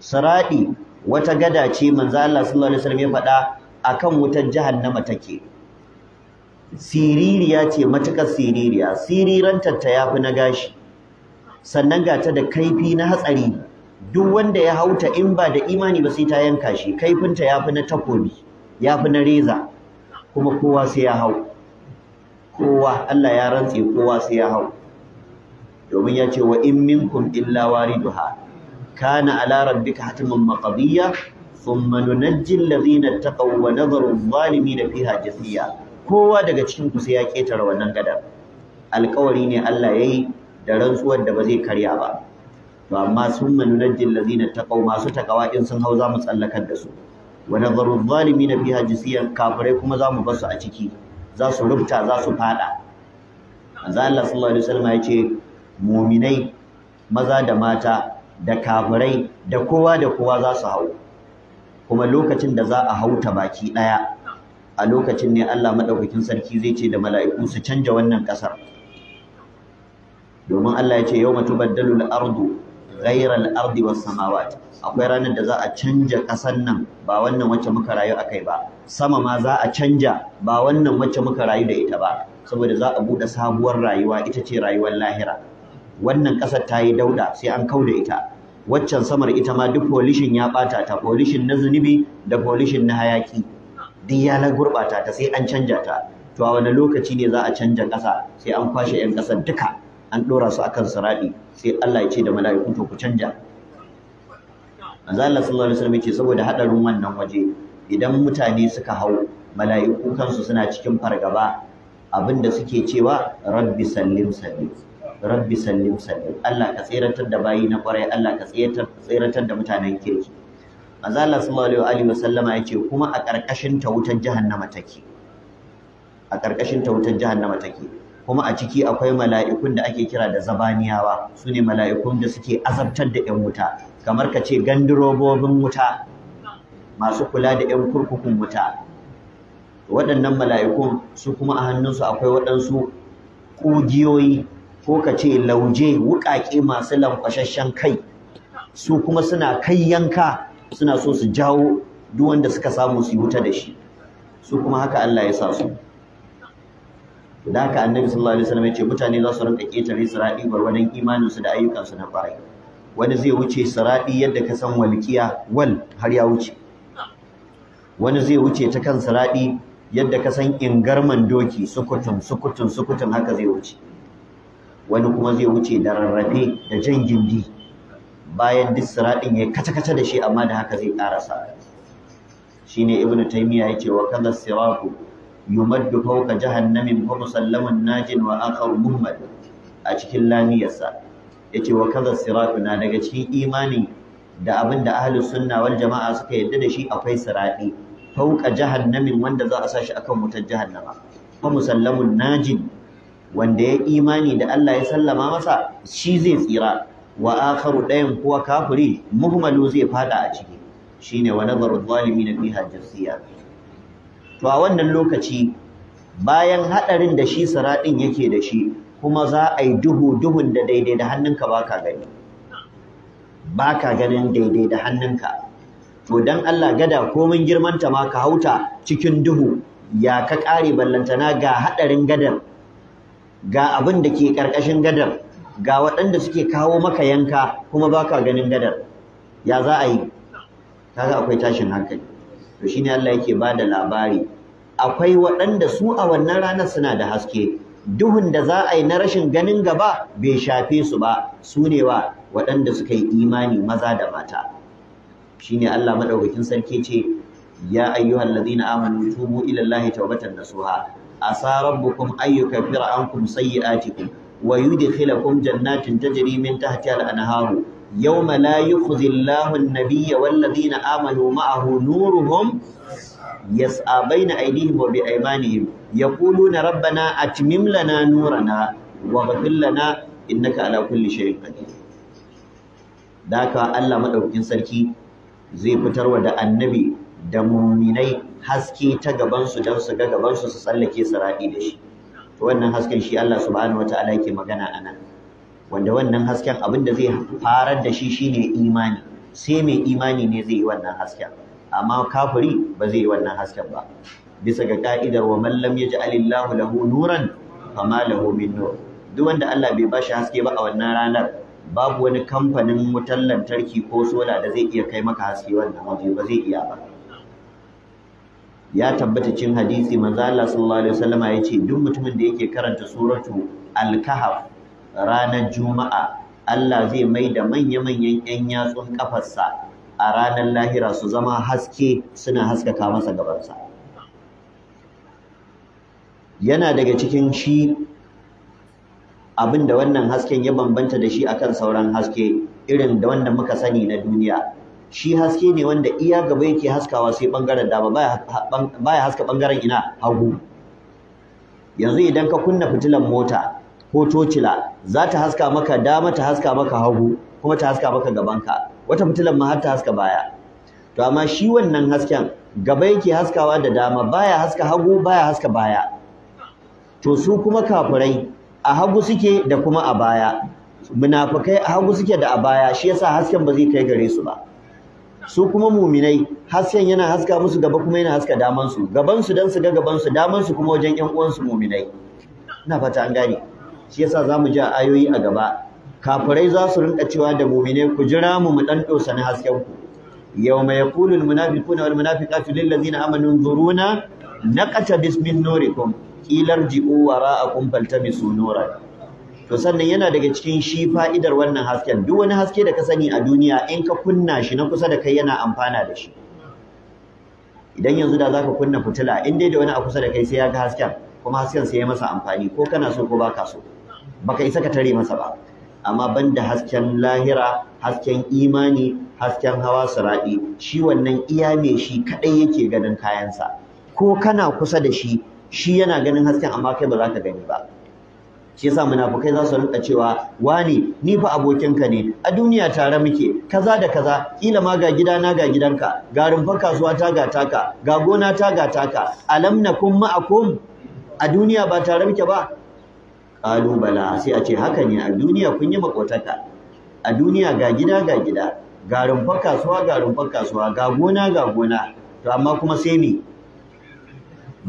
siradi wata gada ce manzo Allah sallallahu alaihi wasallam ya faɗa akan wutar jahannama take siririya ce matukar siririya siriranta ta yafi na gashi sannan ga ta da kaifi na hatsari duk wanda ya hauta in ba da imani ba sai ta yanka shi kaifinta yafi na takobi yafi na reza kuma kowa sai ya hau kowa Allah ya rantse kowa sai ya hau domin ya ce wa in minkum illa wariduha kana ala rabbika hatman maqdiya thumma nunajji alladhina taqaw wa nadharu adh-dhalimin fiha jathiya kowa daga cikin ku sai ya ketare wannan gadar alƙawari ne Allah yayi da rantsuwar da ba zai karya ba to amma thumma nunajji alladhina taqaw masu takawa in sun hau za mu tsallakar da su wa nadharu adh-dhalimin fiha jathiya kafirai kuma za mu basu a ciki za su rubta, za su fada manzo Allah sallallahu alaihi wasallam ya ce mu'minai maza da mata da kafirai da kowa da kowa za su hau kuma lokacin da za a hauta baki ɗaya a lokacin ne Allah madaukakin sarki zai ce da mala'iku su canja wannan ƙasar domin Allah ya ce yau tubaddalu al-ardu ghayra al-ardi was samawat akwai ranar da za a canja kasar nan ba wannan wacce muka rayu akai ba sama ma za a canja ba wannan wacce muka rayu da ita ba saboda za a bude sabuwar rayuwa ita ce rayuwar lahira wannan ƙasar ta yi dauda sai an da ita waccan samar ita ma duk folishin ya bata ta folishin na zunubi da folishin na hayaki duk ya na gurɓata ta sai an canja ta to a wani lokaci ne za a canja ƙasa sai an kwashe 'yan ƙasar duka an ɗora su akan siraɗi sai Allah ya ce da mala'iku to ku canja manzo sallallahu alaihi wasallam yace saboda hadarin wannan waje idan mutane suka hau mala'iku kansu suna cikin fargaba abinda suke cewa rabbi sallim sallim rabbi sallim sallim Allah ka tseratar da bayi na kwarai Allah ka tseratar da mutanen kirki manzo Allah sallallahu alaihi wa ya yace kuma a ƙarƙashin ta wutar jahannama take a ƙarƙashin ta wutar jahannama take kuma a ciki akwai mala'ikun da ake kira da zabaniyawa su ne mala'ikun da suke azabtar da 'yan wuta kamar ka ce gandirobobin wuta masu kula da 'yan kurkukun wuta waɗannan mala'ikun su kuma a hannunsu akwai waɗansu ƙugiyoyi ko ka ce lauje wuƙaƙe masu lankwashashen kai su kuma suna kai yanka suna so su jawo duk wanda suka samu su yi wuta da shi su kuma haka Allah ya sa su da haka annabi sallallahu alaihi wasallam ya ce mutane za su rinka ƙetare sirati gwargwadon imanin su da ayyukan su na ƙwarai wani zai wuce sirati yadda ka san walkiya wal har ya wuce wani zai wuce ta kan sirati yadda ka san ingarman doki sukutun sukutun sukutun haka zai wuce wani kuma zai wuce da rarrafe da jan gindi bayan duk siradin ya kaca-kaca da shi amma da haka zai ƙarasa shine ibnu taymiya yace wa kaza siratu yumaddu fawqa jahannamin fa musallamun najin wa akhar muhammad a cikin lamiyarsa yace wa kaza siratu na daga cikin imani da abinda da ahlus sunna wal jama'a suka yadda da shi akwai siradi, fawqa jahannamin wanda za a sa shi akan wutar jahannama fa musallamun najin wanda ya imani da Allah ya sallama masa shi zai tsira wa akharu dayan kuwa kafiri muhmalu zai fada a ciki shine wa nazaru zalimin fiha jasiya to a wannan lokaci bayan hadarin da shi siradin yake da shi kuma za a yi duhu duhun da daidai da hannunka baka gani baka ganin daidai da hannunka to dan Allah gada komin girmanta ma ka hauta cikin duhu ya ka kare ballantana ga hadarin gadar ga abin da ke ƙarƙashin gadar ga waɗanda suke kawo maka yanka kuma baka ganin gadar ya za a yi kaga akwai tashin hankali to shine Allah yake bada labari akwai waɗanda su a wannan ranar suna da haske duhun da za a yi na rashin ganin gaba bai shafe su ba su ne wa waɗanda suka yi imani maza da mata shine Allah madaukakin sarki ce ya ayyuhal na amanu tubu ila Allahi tawbatan nasuha asa rabbukum ayyuka fira ankum sayyi'atikum wa yudkhilakum jannatin tajri min tahtiha al-anharu yawma la yukhzi Allahu an-nabiyya wal ladina amanu ma'ahu nuruhum yas'a Ya kulu wa bi aymanihim yaquluna rabbana atmim lana nurana wa ghfir lana innaka ala kulli shay'in qadir daka Allah maɗaukin sarki zai fitarwa da annabi da muminai haske ta gabansu don su ga gabansu su tsallake siraɗi da shi to wannan hasken shi Allah subhanahu wataala yake magana a nan wanda wannan hasken abin da zai farar da shi shine imani sai mai imani ne zai yi wannan hasken amma kafiri ba zai yi wannan hasken ba bisa ga ka'idar wa man lam yaj'alillahu lahu nuran fama lahu min nur duk wanda Allah bai bashi haske ba a wannan ranar babu wani kamfanin wutar lantarki ko sola da zai iya kai maka haske wannan waje ba zai iya ba ya tabbata cin hadisi manzo Allah sallallahu alaihi ya ce duk mutumin da yake karanta suratu al-kahf ranar juma'a Allah zai mai da manya-manyan ƴan yatsun kafarsa a ranar lahira su zama haske suna haskaka masa gabansa yana daga cikin shi abinda wannan hasken ya bambanta da shi akan sauran haske irin da wanda muka sani na duniya shi haske ne wanda iya gaba yake haskawa sai bangaren dama baya haska bangaren ina hagu yanzu idan ka kunna fitilan mota ko tocila za ta haska maka dama ta haska maka hagu kuma ta haska maka gabanka wata fitilan ma har ta haska baya to amma shi wannan hasken gaba yake haskawa da dama baya haska hagu baya haska baya to su kuma kafurai, a hagu suke da kuma a baya munafikai a hagu suke da a baya shi yasa hasken ba zai kai gare su ba su kuma muminai hasken yana haska musu gaba kuma yana haska damansu. Gabansu don su dan su ga gabansu, damansu kuma wajen ƴan uwansu muminai ina fata an gane shi yasa zamu ji ayoyi a gaba kafirai za su rinka cewa da muminai ku jira mu mu dan dosa na hasken ku yawma yaqulu almunafiquna walmunafiqatu na? amanu nzuruna naqata bismin nurikum ila a wara'akum faltamisu nuran to sannan yana daga cikin shi fa'idar wannan hasken duk wani haske da ka sani a duniya in ka kunna shi na kusa da kai yana amfana da shi idan yanzu da zaka kunna fitila in dai da wani a kusa da kai sai ya ga hasken kuma hasken sai ya masa amfani ko kana so ko baka so baka isa ka tare masa ba amma banda hasken lahira hasken imani hasken hawa sura'i shi wannan iya mai shi kadai yake ganin kayansa ko kana kusa da shi shi yana ganin hasken amma kai ba za ka gani ba shi yasa munafukai za su rinka cewa wani ni fa abokinka ne a duniya tare muke kaza da kaza kila ma ga gida na ga gidanka ga rumfar kasuwa ta ga taka ga gona ta ga taka alam nakum ma'akum a duniya ba tare muke ba qalu bala sai a ce haka ne a duniya kun yi makotaka a duniya ga gida ga gida ga rumfar kasuwa ga rumfar kasuwa ga gona ga gona to amma kuma sai ni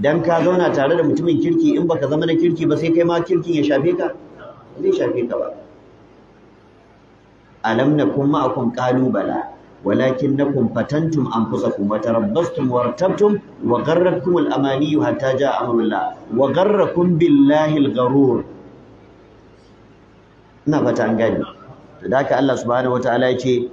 dan ka zauna tare da mutumin kirki in baka zama na kirki ba sai kai ma kirkin ya shafe ka zai shafe ka ba alam nakum ma'akum qalu bala walakinnakum fatantum anfusakum wa tarabbastum wa wartabtum wa gharrakum al-amani hatta jaa amrullah wa gharrakum billahi al-gharur ina fata an gani da haka Allah subhanahu wataala yace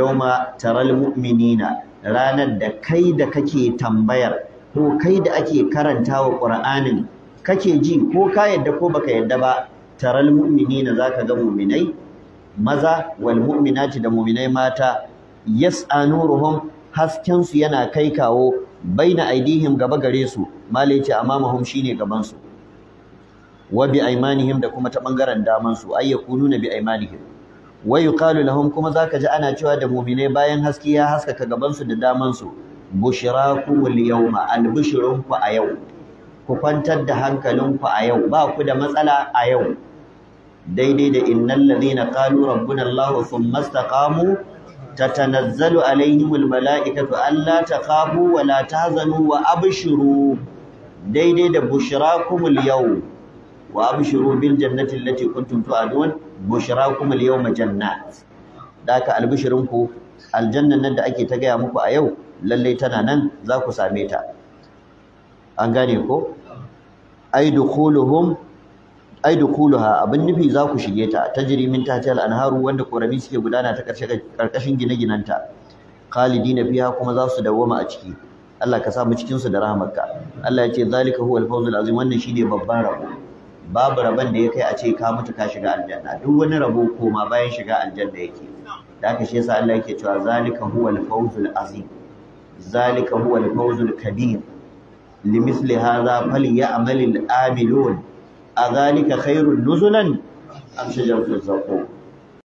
yauma taral mu'minina ranar da kai da kake tambayar to kai da ake karanta wa Qur'anin kake ji ko ka yadda ko baka yadda ba taral mu'minina zaka ga mu'minai maza wal mu'minati da mu'minai mata yas'a nuruhum hasken su yana kai kawo baina aidihim gaba gare su malai ce amamahum shine gaban su wa bi aymanihim da kuma ta bangaren daman su ayyakununa bi aymanihim wa yuqalu lahum kuma zaka ji ana cewa da mu'minai bayan haske ya haskaka gaban su da daman su bushrakumul yawma albushrunku a yau ku kwantar da hankalinku a yau ba ku da matsala a yau daidai da innal ladina qalu rabbuna allah thumma istaqamu tatanazzalu alaihimul mala'ikatu alla takhafu wa la tahzanu wa abshiru daidai da bushrakumul yawm wa abshiru bil jannati allati kuntum tu'adun bushrakum yawma jannat daka albishirinku aljannan nan da ake ta gaya muku a yau Lallai tana nan za ku same ta an gane ko ai dukhuluhum abin nufi za ku shige ta tajri min tahtiha al-anharu wanda korami suke gudana ta karkashin gine-ginanta khalidina fiha kuma za su dawwama a ciki Allah ka sa mu cikin su da rahmarka Allah ya ce zalika huwal fawzul azim wannan shine babban rabo babu rabon da ya kai a ce ka mutu ka shiga aljanna duk wani rabo koma bayan shiga aljanna yake da haka shi yasa Allah yake cewa zalika huwal fawzul azim zalika huwa al-fawzul kabir limithli hadha falyamal al-amilun adhalika khairun nuzulan am shajaratu zaqum